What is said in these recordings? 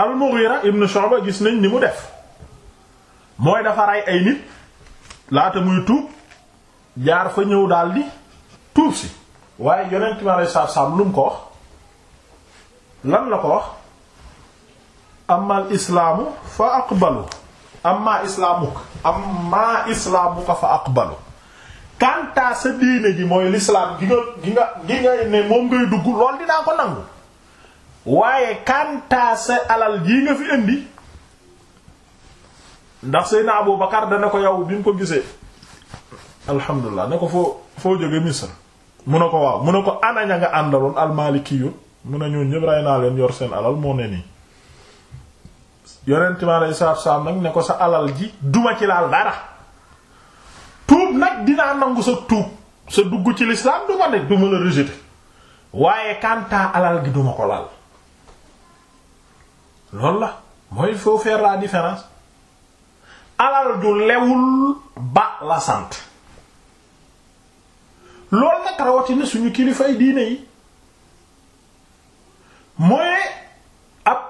al-Mughira ibn Shu'ba gis nañ ni mu def mooy dafa rey ay nit laata muy tuub jaar fa ñëw daldi tuub si waaye yonent mi alei satu salaam lu mu ko wax lan la ko wax amma al islaamu fa aqbalu amma islaamuk amma islaamuka fa aqbalu kanta sa diine ji mooy lislaam gi nga gi nga gi nga ne moom ngay dugg lool dinaa ko nangu waaye kantaa sa alal jii nga fi indi ndax Seydina Abu Bakar dana ko yow bi mu ko gisee alhamdulilah ne ko foo foo jóge Misr mun ne ko waaw mu ne ko ana ña nga àndaloon almaalikiyu mu ne ñun ñëpp rey naa leen yor seen alal moo ne nii yonent mi alayhi salaatu salaam nag ne ko sa alal ji duma ci laal dara tuub nag dinaa nangu sa tuub sa dugg ci lislaam duma ne duma la rejeter waaye kantaa alal gi duma ko laal loolu la mooy il faut la différence alal du lewul ba la sant loolu nag rawatina suñu kilifay diine yi mooy ab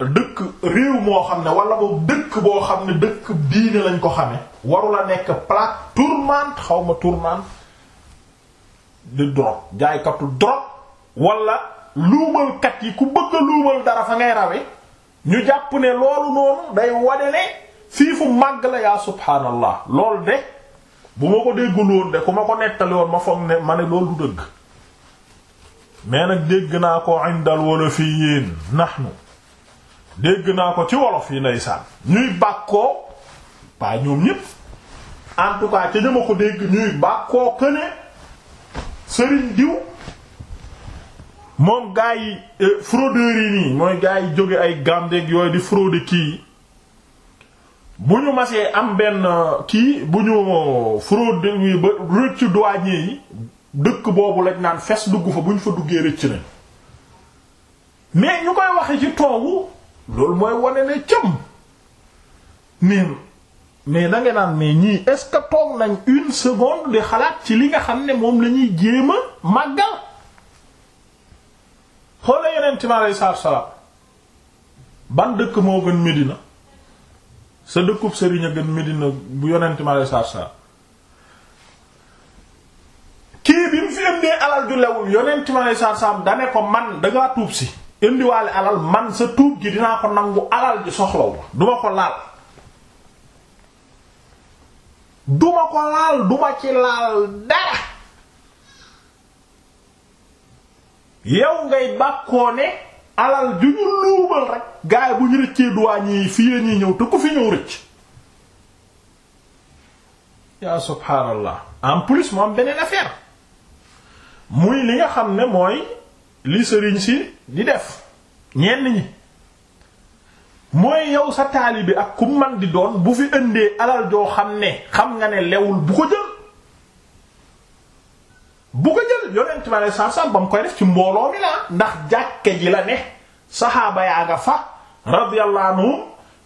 dëkk réew moo xam ne wala boobu dëkk boo xam ne dëkk diine lañ ko xame warula nekk plaque tournante xaw ma tournante de drogue jaaykatu drogue wala luumalkat yi ku bëgg a luumal dara fa ngay rawe ñu jàpp ne loolu noonu day wane ne fii fu màgg la yaa subhaanallah loolu de bu ma ko déggul woon de ku ma ko nettali woon ma foog ne ma ne loolu du dëgg mais nag dégg naa ko indal wolof yi yéen nahnu dégg naa ko ci wolof yi ndeysaan ñuy bàkkoo ba ñoom ñépp en tout ca ña ma ko dégg ñuy bàkkoo këne sëriñ diw moom gaa yi euh, fraudeurs yi nii mooy gaa yi jóge ay gàmdeeg yooyu di fraude kii bu ñu masee am benn euh, kii bu ñu euh, fraude yi ba rëcc douanier yi dëkk boobu lañ naan fes dugg fa bu ñu fa duggee rëcc nañ mais ñu koy waxe ci toogu loolu mooy wane ne cëm mais mais da naan mais ñii est-ce que toog nañ une seconde di xalaat ci li nga xam ne moom lañuy ñuy jéem màggal yonent mi aleyhi salaam ban dëkk moo gën Medina sa dëkkub sëriñ a gën Medina bu yonent mi aleyhi salaam kii bi mu fi indee alal ju lewul yonent mi aleyhi salaatu salaam ko man dangaa tuub si indiwaale alal man sa tuub gi dinaa ko nangu alal ji soxlawu duma ko laal duma ko laal duma ci laal dara yow ngay bàkkoo ne alal ju ñu luubal rek gaay bu ñu rëccee duwaañ yi fi yéen ñi ñëw te ku fi ñëw rëcc yaa subhaanallah en plus moom beneen affaire muy li nga xam ne mooy li sëriñ si di def ñenn ñi mooy yow sa taalibe ak ku man di doon bu fi indee alal joo xam ne xam nga ne lewul bu ko jël yonent ma ne sarsam ba mu koy def ci mbooloo mi la ndax jàkke ji la ne saxaaba yaa nga fa radiyallahu anhum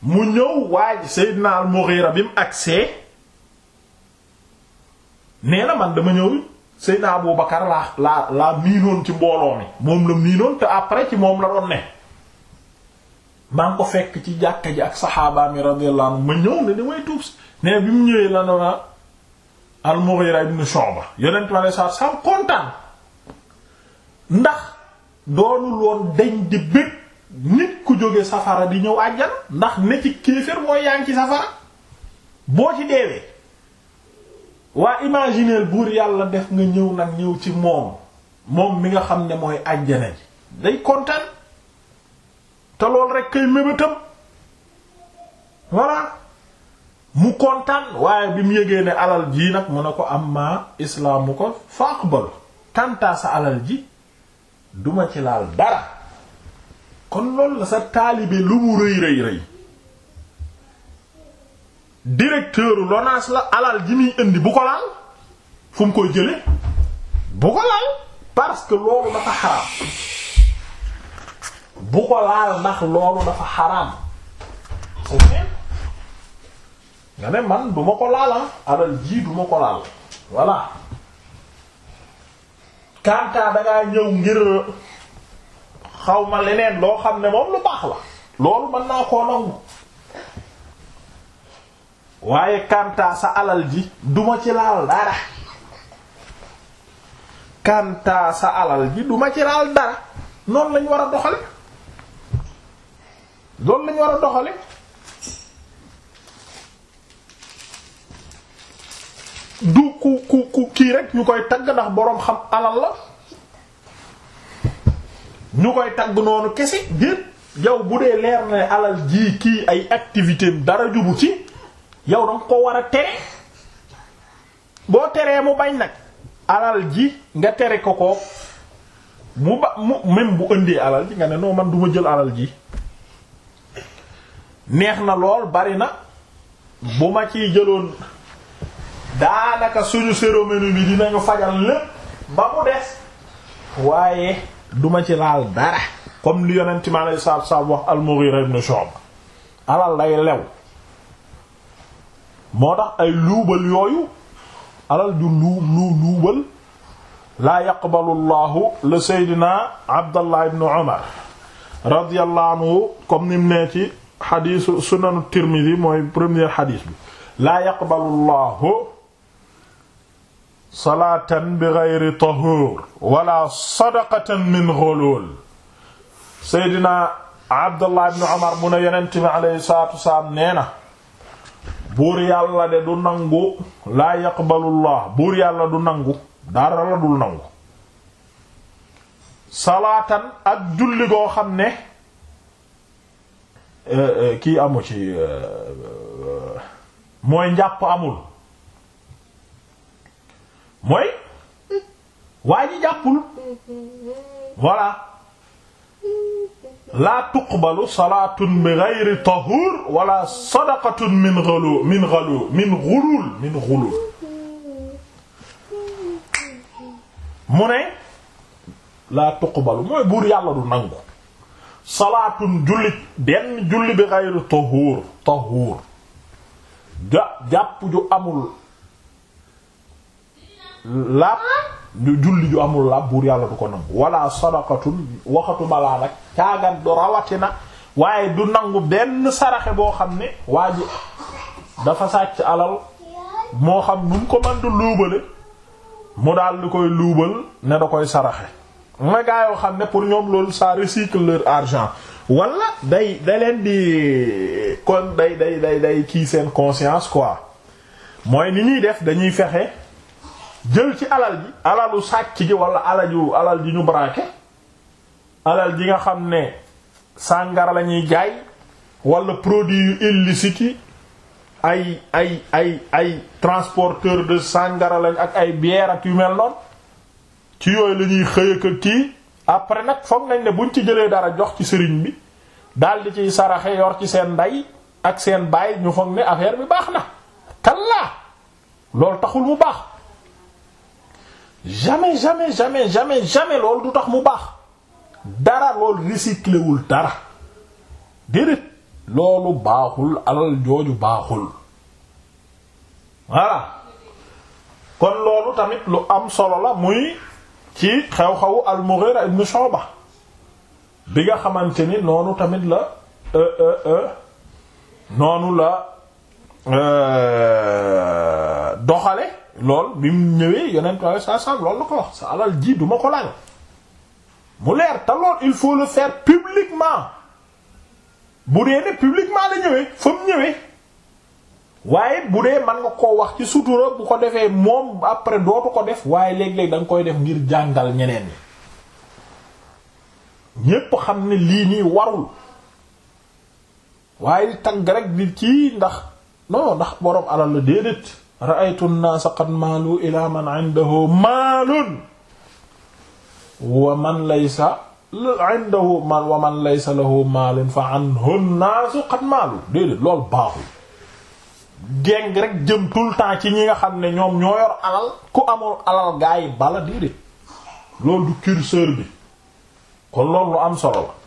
mu ñëw waaj Seydina al-Mughira bi mu agsee nee na man dama ñëw Seydina Abu Bakar laa laa laa miinoon ci mbooloo mi moom la miinoon te après ci moom la doon ne maa ngi ko fekk ci jàkka ji ak saxaaba mi radiyallahu ma ñëw ne damay tuub ne bi ñëwee la na al-Mughira ibn Shu'ba yonent ma ne saar saam kontaan ndax doonul woon dañ di bëgg nit ku jóge safara di ñëw àjjana ndax ne ci kéefër mooy yaa ngi ci safara boo ci deewee waa imaginer buur yàlla def nga ñëw nag ñëw ci moom moom mi nga xam ne mooy àjjana ji day kontaan te lool rekk kay mébétam voilà mu kontaan waaye bi mu yëgee ne alal jii nag mu ne ko am ma islaamu ko faaqbal kantaa sa alal ji duma ci laal dara kon loolu la sa taalibe lu mu rëy rëy rëy directeuru LONASE la alal ji muy indi bu ko laal fu mu koy jële bu ko laal parce que loolu dafa xaraam bu ko laal ndax loolu dafa xaraam nga ne man du ma ko laala ah. alal jii du ko laal voilà kantaa dangaa ñëw ngir xaw ma leneen loo xam ne moom lu baax la loolu mën naa koo nangu waaye kantaa sa alal ji duma ci laal dara kantaa sa alal ji duma ci laal dara noonu lañ war a doxale loolu lañ war a doxale du ku ku kii rek ñu koy tagg ndax boroom xam alal la ñu koy tagg noonu kese déet yow bu dee leer na alal ji kii ay activité dara jubu ci yow danga ko war a tere boo teree mu bañ nag alal ji nga tere ko ko mu ba mu même bu ëndee alal ji nga ne noo man duma jël alal ji neex na lool bari na bu ma ciy jëloon daanaka suñu cérémonie bi dinañu fajal lépp ba mu des waaye duma ci laal dara comme li yonent mi alayhi salaatu salaam wax al-Mughira ibn Shu'ba alal day lew moo tax ay luubal yooyu alal ju luubal laa yaqbalu llaahu la Seydina Abdallah ibn Umar radiyallahu anhu comme ni mu ci sunanu Tirmidhi mooy premier xadiis bi laa yaqbalu llaahu salaatan bi geyri tahuur wala sadaqatan min ghulul seydina abdullah ibn omar mu ne yonent bi aleyhi salatu wasalaam nee na buur yàlla de du nangu laa yaqbalullah buur yàlla du nangu dara la dul nangu salaatan ak julli goo xam ne eh, eh, kii amu ci eh, mooy njàpp amul mooy waa ji jàppul voilà laa tuqbalu salaatun bi ghayri tahuur wala sadaqatun min ghulul min ghulul min ghulul mu ne laa tuqbalu mooy buur yàlla du nangu salaatun julli benn julli bi ghayri tahuur tahuur ja ju amul laab ñu julli ju amul laab buur yàlla du ko nangu wala sadaqatun waxatuma balaa nag caagan du rawatina waaye du nangu benn saraxe boo xam ne waa ji dafa sàcc alal moo xam nu mu ko mën du luubale mu daal di koy luubal ne da koy saraxe nga gaa xam ne pour ñoom loolu ça recycle leur argent wala day da leen di kon day day day day kii seen conscience quoi mooy ni ñuy def dañuy fexe jël ci alal ji alalu sàcc ji wala alal ju alal ji ñu braqué alal ji nga xam ne sàngara lañuy jaay wala produits yu illicite yi ay ay ay ay transporteur de sàngara lañ ak ay bière ak yu mel noonu ci yooyu la ñuy xëy ak après nag foog nañ ne buñ ci jëlee dara jox ci sëriñ bi daal di ciy saraxe yor ci seen ndey ak seen baay ñu foog ne affaire bi baax na kallaa loolu taxul mu baax jamais jamais jamais jamais jamais loolu du tax mu baax dara loolu recyclé wul dara déedéet loolu baaxul alal jooju baaxul voilà kon loolu tamit lu am solo la muy ci xew-xewu al-Mughira ibn Shuba bi nga xamante ni noonu tamit la euh, euh, euh, noonu la doxale lool bi mu ñëwee yonent waaye saa saa loolu la ko wax sa alal ji duma ko laal mu leer te lool il faut le faire publiquement bu dee ne publiquement la ñëwee fa mu ñëwee waaye bu dee mën nga koo wax ci sutura bu ko defee moom après dootu ko def waaye léeg-léeg da koy def ngir jàngal ñeneen ñi ñépp xam ne lii nii warul waaye tagg rek di kii ndax non ndax boroom alal la déedéet ra'aytu an-naasa qad maalu ila man man laysa 'indahu maal wa man laysa lahu maalun fa 'anhu an-naasu qad maalu déedéet loolu baaxul géng rek jëm tout le temps ci ñi nga xam ne ñoom ñoo alal ku amul alal gaa yi bala déedéet loolu du curseur bi kon loolu lu am solo la